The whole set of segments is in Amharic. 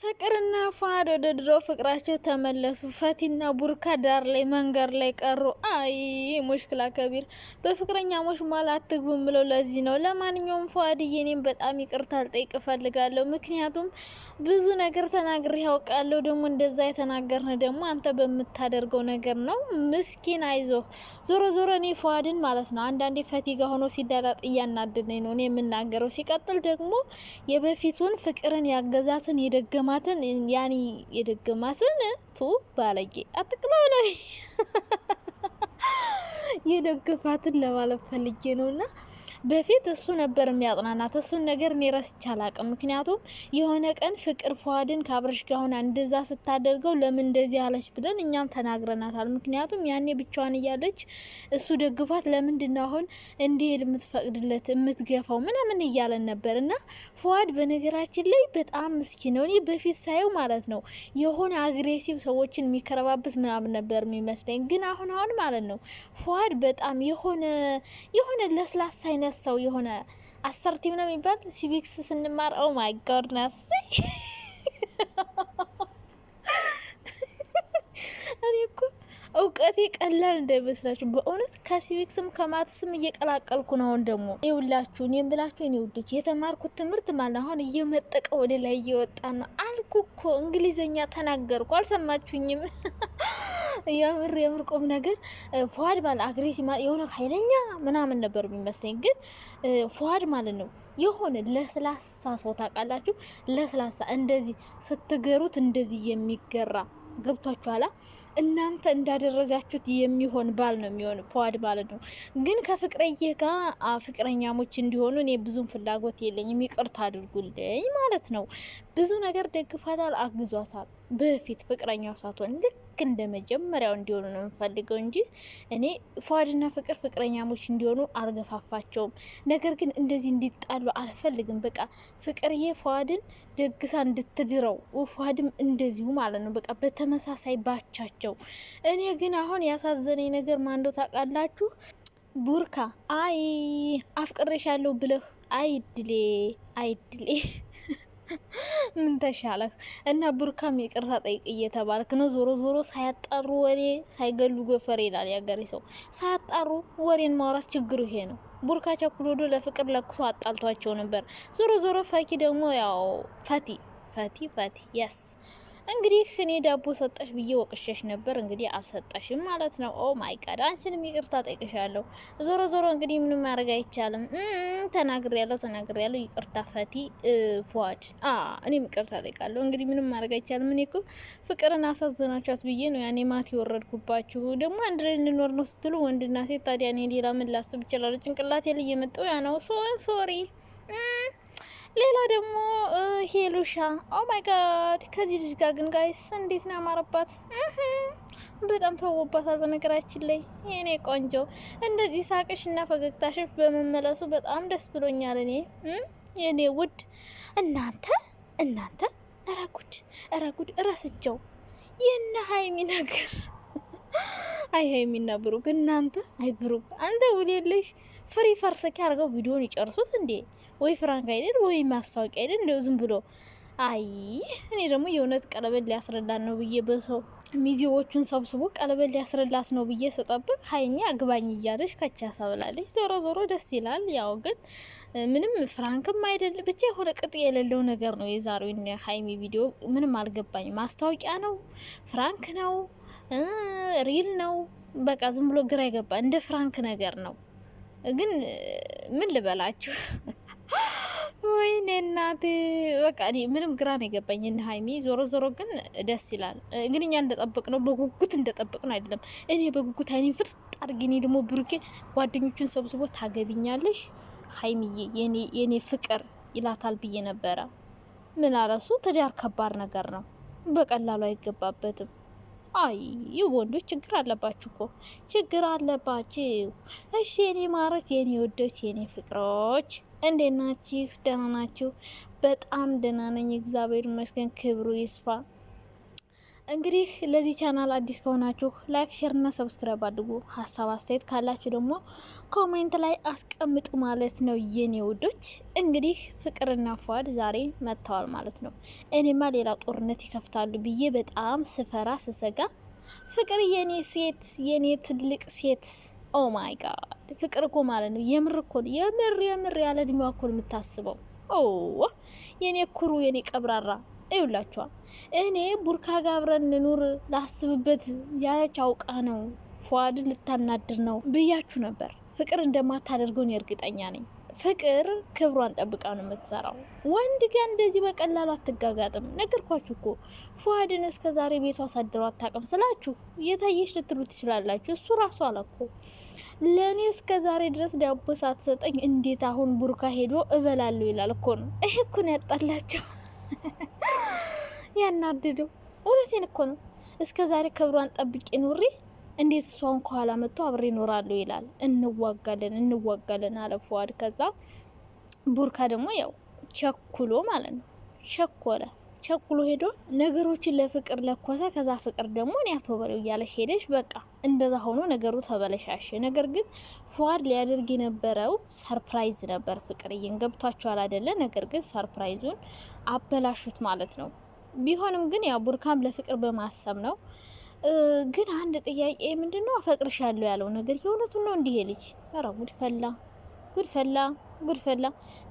ፍቅርና ፋድ ወደ ድሮ ፍቅራቸው ተመለሱ። ፈቲና ቡርካ ዳር ላይ መንገድ ላይ ቀሩ። አይ ሙሽክላ ከቢር በፍቅረኛሞች ማል አትግቡም ብለው ለዚህ ነው። ለማንኛውም ፏድዬ እኔም በጣም ይቅርታ ልጠይቅ እፈልጋለሁ። ምክንያቱም ብዙ ነገር ተናግሬ ያውቃለሁ። ደግሞ እንደዛ የተናገርን ደግሞ አንተ በምታደርገው ነገር ነው። ምስኪን አይዞ። ዞሮ ዞሮ እኔ ፏድን ማለት ነው አንዳንዴ ፈቲ ጋር ሆኖ ሲዳላጥ እያናደደኝ ነው እኔ የምናገረው። ሲቀጥል ደግሞ የበፊቱን ፍቅርን ያገዛትን የደገ የደገማትን ያኒ የደገማትን ቱ ባለጌ አትቅለው ነው የደገፋትን ለማለት ፈልጌ እና በፊት እሱ ነበር የሚያጽናናት። እሱን ነገር እኔ ረስቼ አላቅም። ምክንያቱም የሆነ ቀን ፍቅር ፏድን ከአብርሽ ጋር ሆና እንደዛ ስታደርገው ለምን እንደዚህ አለች ብለን እኛም ተናግረናታል። ምክንያቱም ያኔ ብቻዋን እያለች እሱ ደግፏት ለምንድን ነው አሁን እንዲሄድ የምትፈቅድለት የምትገፋው ምናምን እያለን ነበር። እና ፏድ በነገራችን ላይ በጣም ምስኪን ነው። እኔ በፊት ሳየው ማለት ነው የሆነ አግሬሲቭ ሰዎችን የሚከረባበት ምናምን ነበር የሚመስለኝ። ግን አሁን አሁን ማለት ነው ፏድ በጣም የሆነ የሆነ ለስላሳ አይነት ሁለት ሰው የሆነ አሰርቲቭ ነው የሚባል ሲቪክስ ስንማር ኦ ማይ ጋድ እውቀቴ ቀላል እንዳይመስላችሁ በእውነት ከሲቪክስም ከማትስም እየቀላቀልኩ ነው። አሁን ደግሞ ይውላችሁ እኔ የምላችሁ የኔ ውዶች የተማርኩት ትምህርት ማለት አሁን እየመጠቀ ወደ ላይ እየወጣ ነው። አልኩ እኮ እንግሊዘኛ ተናገርኩ፣ አልሰማችሁኝም? የምር የምር ቁም ነገር ፏድ ማለት አግሬሲ የሆነ ኃይለኛ ምናምን ነበር የሚመስለኝ፣ ግን ፏድ ማለት ነው የሆነ ለስላሳ ሰው ታውቃላችሁ፣ ለስላሳ እንደዚህ ስትገሩት እንደዚህ የሚገራ ገብቷችኋላ? እናንተ እንዳደረጋችሁት የሚሆን ባል ነው የሚሆን ፈዋድ ማለት ነው። ግን ከፍቅረዬ ጋር ፍቅረኛሞች እንዲሆኑ እኔ ብዙም ፍላጎት የለኝም፣ ይቅርታ አድርጉልኝ ማለት ነው። ብዙ ነገር ደግፋታል፣ አግዟታል። በፊት ፍቅረኛው ሳትሆን ልክ ልክ እንደ መጀመሪያው እንዲሆኑ ነው የምፈልገው እንጂ እኔ ፏድና ፍቅር ፍቅረኛሞች እንዲሆኑ አልገፋፋቸውም። ነገር ግን እንደዚህ እንዲጣሉ አልፈልግም። በቃ ፍቅርዬ ፏድን ደግሳ እንድትድረው፣ ፏድም እንደዚሁ ማለት ነው። በቃ በተመሳሳይ ባቻቸው። እኔ ግን አሁን ያሳዘነኝ ነገር ማንዶ ታውቃላችሁ? ቡርካ አይ አፍቅሬሻለሁ ብለህ አይድሌ አይድሌ ምን ተሻለህ? እና ቡርካም ይቅርታ ጠይቅ እየተባልክ ነው። ዞሮ ዞሮ ሳያጣሩ ወሬ ሳይገሉ ጎፈር ይላል ያገሬ ሰው። ሳያጣሩ ወሬን ማውራት ችግሩ ይሄ ነው። ቡርካ ቸኩሎዶ ለፍቅር ለኩሶ አጣልቷቸው ነበር። ዞሮ ዞሮ ፈኪ ደግሞ ያው ፈቲ ፈቲ ፈቲ የስ እንግዲህ እኔ ዳቦ ሰጠሽ ብዬ ወቅሸሽ ነበር። እንግዲህ አልሰጠሽም ማለት ነው። ኦ ማይ ጋድ አንቺንም ይቅርታ ጠይቅሻለሁ። ዞሮ ዞሮ እንግዲህ ምንም ማድረግ አይቻልም። ተናግሬ ያለው ተናግሬ ያለው ይቅርታ ፈቲ ፏድ እኔም ይቅርታ ጠይቃለሁ። እንግዲህ ምንም ማድረግ አይቻልም። እኔ እኮ ፍቅርን አሳዘናችኋት ብዬ ነው ያኔ ማት የወረድኩባችሁ። ደግሞ አንድ ላይ እንኖር ነው ስትሉ ወንድና ሴት ታዲያ እኔ ሌላ ምን ላስብ ይችላለሁ? ጭንቅላቴ ላይ የመጣው ያ ነው። ሶ ሶሪ ሌላ ደግሞ ሄሉሻ ማይ ጋድ ከዚህ ልጅ ጋር ግን ጋይስ እንዴት ነው ያማረባት! በጣም ተውቦባታል። በነገራችን ላይ የኔ ቆንጆ እንደዚህ ሳቅሽ እና ፈገግታሽፍ በመመለሱ በጣም ደስ ብሎኛል። እኔ የኔ ውድ እናንተ እናንተ እረጉድ እረጉድ እረስቸው የነ ሀይሚ ነገር አይ ሀይሚና ብሩክ እናንተ አይ ብሩክ አንተ ውሌለሽ ፍሪ ፈርስክ ያርገው ቪዲዮን ይጨርሱት እንዴ ወይ ፍራንክ አይደል ወይ ማስታወቂያ አይደል እንደው ዝም ብሎ አይ እኔ ደግሞ የእውነት ቀለበት ሊያስረዳን ነው ብዬ በሰው ሚዜዎቹን ሰብስቦ ቀለበት ሊያስረዳት ነው ብዬ ስጠብቅ ሀይሚ አግባኝ እያለች ከቻ ሰብላለች። ዞሮ ዞሮ ደስ ይላል። ያው ግን ምንም ፍራንክም አይደል ብቻ የሆነ ቅጥ የሌለው ነገር ነው የዛሬው ሀይሚ ቪዲዮ። ምንም አልገባኝ። ማስታወቂያ ነው? ፍራንክ ነው? ሪል ነው? በቃ ዝም ብሎ ግራ ይገባ። እንደ ፍራንክ ነገር ነው ግን ምን ልበላችሁ ወይኔ እናቴ በቃ እኔ ምንም ግራ ነው የገባኝ። እንደ ሀይሚ ዞሮ ዞሮ ግን ደስ ይላል። ግን እኛ እንደጠበቅ ነው በጉጉት እንደጠበቅ ነው አይደለም። እኔ በጉጉት አይኔ ፍጥጥ አድርጌ እኔ ደግሞ ብሩኬ ጓደኞቹን ሰብስቦ ታገቢኛለሽ ሀይሚዬ የኔ ፍቅር ይላታል ብዬ ነበረ። ምን አረሱ ትዳር ከባድ ነገር ነው፣ በቀላሉ አይገባበትም። አይ ወንዶች ችግር አለባችሁ እኮ ችግር አለባችሁ። እሺ የኔ ማረት የኔ ወዶች፣ የኔ ፍቅሮች እንዴት ናችሁ? ደህና ናችሁ? በጣም ደህና ነኝ፣ እግዚአብሔር ይመስገን። ክብሩ ይስፋ። እንግዲህ ለዚህ ቻናል አዲስ ከሆናችሁ ላይክ፣ ሼር እና ሰብስክራይብ አድርጉ። ሀሳብ አስተያየት ካላችሁ ደግሞ ኮሜንት ላይ አስቀምጡ ማለት ነው የኔ ውዶች። እንግዲህ ፍቅርና ፏድ ዛሬ መጥተዋል ማለት ነው። እኔማ ሌላ ጦርነት ይከፍታሉ ብዬ በጣም ስፈራ ስሰጋ፣ ፍቅር የኔ ሴት የኔ ትልቅ ሴት ኦ ማይ ጋድ ፍቅር እኮ ማለት ነው የምር እኮ የምር የምር ያለ እድሜዋ እኮ የምታስበው ኦ የኔ ኩሩ የኔ ቀብራራ እዩላችኋል። እኔ ቡርካ ጋር አብረን ኑር ላስብበት ያለች አውቃ ነው ፏድን ልታናድር ነው ብያችሁ ነበር። ፍቅር እንደማታደርገውን እርግጠኛ ነኝ። ፍቅር ክብሯን ጠብቃ ነው የምትሰራው። ወንድ ጋር እንደዚህ በቀላሉ አትጋጋጥም። ነገርኳችሁ እኮ ፉአድን እስከ ዛሬ ቤቷ አሳድሮ አታውቅም ስላችሁ የታየሽ ልትሉ ትችላላችሁ። እሱ ራሱ አለኮ ለእኔ እስከ ዛሬ ድረስ ዳቦ ሳትሰጠኝ እንዴት አሁን ቡርካ ሄዶ እበላለሁ ይላል እኮ ነው። ይሄ እኮ ነው ያጣላቸው። ያናደደው? እውነቴን እኮ ነው። እስከ ዛሬ ክብሯን ጠብቄ ኖሬ እንዴት እሷን ከኋላ መጥቶ አብሬ እኖራለሁ ይላል። እንዋጋለን እንዋጋለን አለ ፉአድ። ከዛ ቡርካ ደግሞ ያው ቸኩሎ ማለት ነው ቸኮለ ቸኩሎ ሄዶ ነገሮችን ለፍቅር ለኮሰ። ከዛ ፍቅር ደግሞ እኔ አቶ በለው እያለች ሄደች። በቃ እንደዛ ሆኖ ነገሩ ተበለሻሸ። ነገር ግን ፉአድ ሊያደርግ የነበረው ሰርፕራይዝ ነበር። እየን ገብቷቸዋል አደለ? ነገር ግን ሰርፕራይዙን አበላሹት ማለት ነው። ቢሆንም ግን ያው ቡርካም ለፍቅር በማሰብ ነው። ግን አንድ ጥያቄ ምንድን ነው አፈቅርሻለሁ ያለው ነገር የእውነቱን ነው? እንዲህ ልጅ ኧረ ጉድፈላ ጉድፈላ ጉድፈላ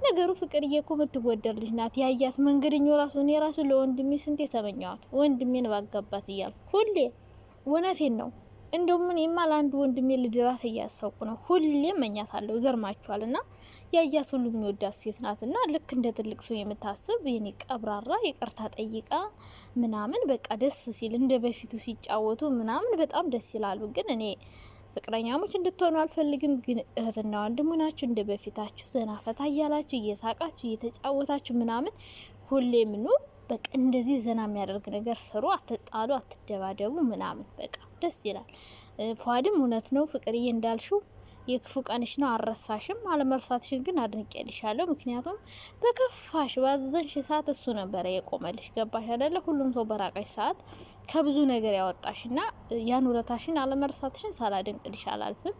ነገሩ ፍቅር እየኮ የምትወደድ ልጅ ናት። ያያት መንገደኛው ራሱ እኔ ራሱ ለወንድሜ ስንት የተመኘዋት ወንድሜን ባገባት እያልኩ ሁሌ እውነቴን ነው። እንደውም እኔማ ለአንድ ወንድሜ ልድራት እያሰብኩ ነው። ሁሌ መኛታለሁ። ይገርማችኋል። እና ያያት ሁሉ የሚወዳት ሴት ናት። እና ልክ እንደ ትልቅ ሰው የምታስብ የኔ ቀብራራ፣ ይቅርታ ጠይቃ ምናምን በቃ ደስ ሲል እንደ በፊቱ ሲጫወቱ ምናምን በጣም ደስ ይላሉ። ግን እኔ ፍቅረኛሞች እንድትሆኑ አልፈልግም። ግን እህትና ወንድሙ ናችሁ። እንደ በፊታችሁ ዘና ፈታ እያላችሁ እየሳቃችሁ እየተጫወታችሁ ምናምን ሁሌ ምኑ በቃ እንደዚህ ዘና የሚያደርግ ነገር ስሩ። አትጣሉ፣ አትደባደቡ ምናምን በቃ ደስ ይላል። ፏድም እውነት ነው ፍቅርዬ እንዳልሽው የክፉ ቀንሽ ነው አረሳሽም አለመርሳትሽን ግን አድንቄልሻለሁ። ምክንያቱም በከፋሽ ባዘንሽ ሰዓት እሱ ነበረ የቆመልሽ። ገባሽ አደለ? ሁሉም ሰው በራቀሽ ሰዓት ከብዙ ነገር ያወጣሽና ያን ውለታሽን አለመርሳትሽን ሳላደንቅልሽ አላልፍም።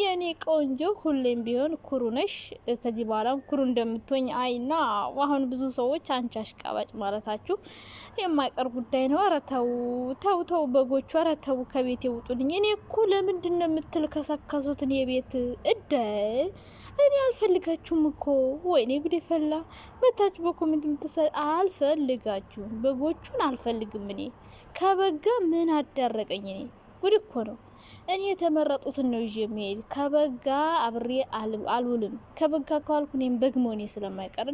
የእኔ ቆንጆ ሁሌም ቢሆን ኩሩ ነሽ። ከዚህ በኋላም ኩሩ እንደምትሆኝ አይና አሁን ብዙ ሰዎች አንቺ አሽቃባጭ ማለታችሁ የማይቀር ጉዳይ ነው። ረተው ተው ተው፣ በጎቹ ረተው፣ ከቤት ይውጡልኝ። እኔ እኮ ለምንድን ነው የምትል ከሰከሱትን የቤት ሴት እደይ እኔ አልፈልጋችሁም እኮ ወይኔ ጉዴ ፈላ። መታች በኮሜንት ምትሰ አልፈልጋችሁም። በጎቹን አልፈልግም እኔ ከበጋ ምን አዳረቀኝ እኔ ጉድ እኮ ነው። እኔ የተመረጡትን ነው ይዤ የሚሄድ ከበጋ አብሬ አልውልም። ከበጋ ከዋልኩ እኔም በግ ስለማይቀር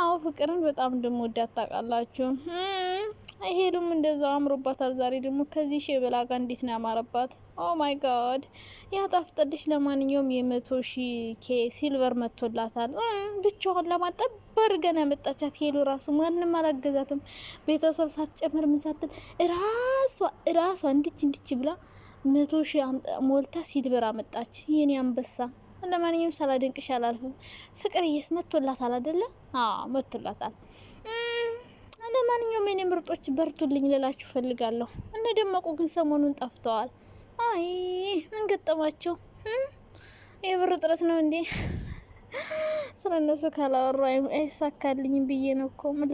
አዎ ፍቅርን በጣም ደሞ ወዳታቃላችሁ ሄሉም እንደዛው አምሮባታል። ዛሬ ደግሞ ከዚህ ሼበላ ጋር እንዴት ነው ያማረባት! ኦ ማይ ጋድ ያጣፍጠልሽ። ለማንኛውም የመቶ ሺ ኬ ሲልቨር መጥቶላታል። ብቻዋን ለማጠብ በርገን ያመጣቻት ሄሉ ራሱ ማንም አላገዛትም። ቤተሰብ ሳትጨምር ምን ሳትል ራሷ ራሷ እንድች እንድች ብላ መቶ ሺ ሞልታ ሲልቨር አመጣች። የኔ አንበሳ ለማንኛውም ሳላደንቅሽ አላልፍም። ፍቅርዬስ መጥቶላታል መቶላታል አዎ መጥቶላታል። እንደ ማንኛውም የኔ ምርጦች በርቱልኝ ልላችሁ ፈልጋለሁ። እነ ደመቁ ግን ሰሞኑን ጠፍተዋል። አይ ምን ገጠማቸው? የብር እጥረት ነው እንዴ? ስለ እነሱ ካላወራ አይሳካልኝም ብዬ ነው እኮ ምን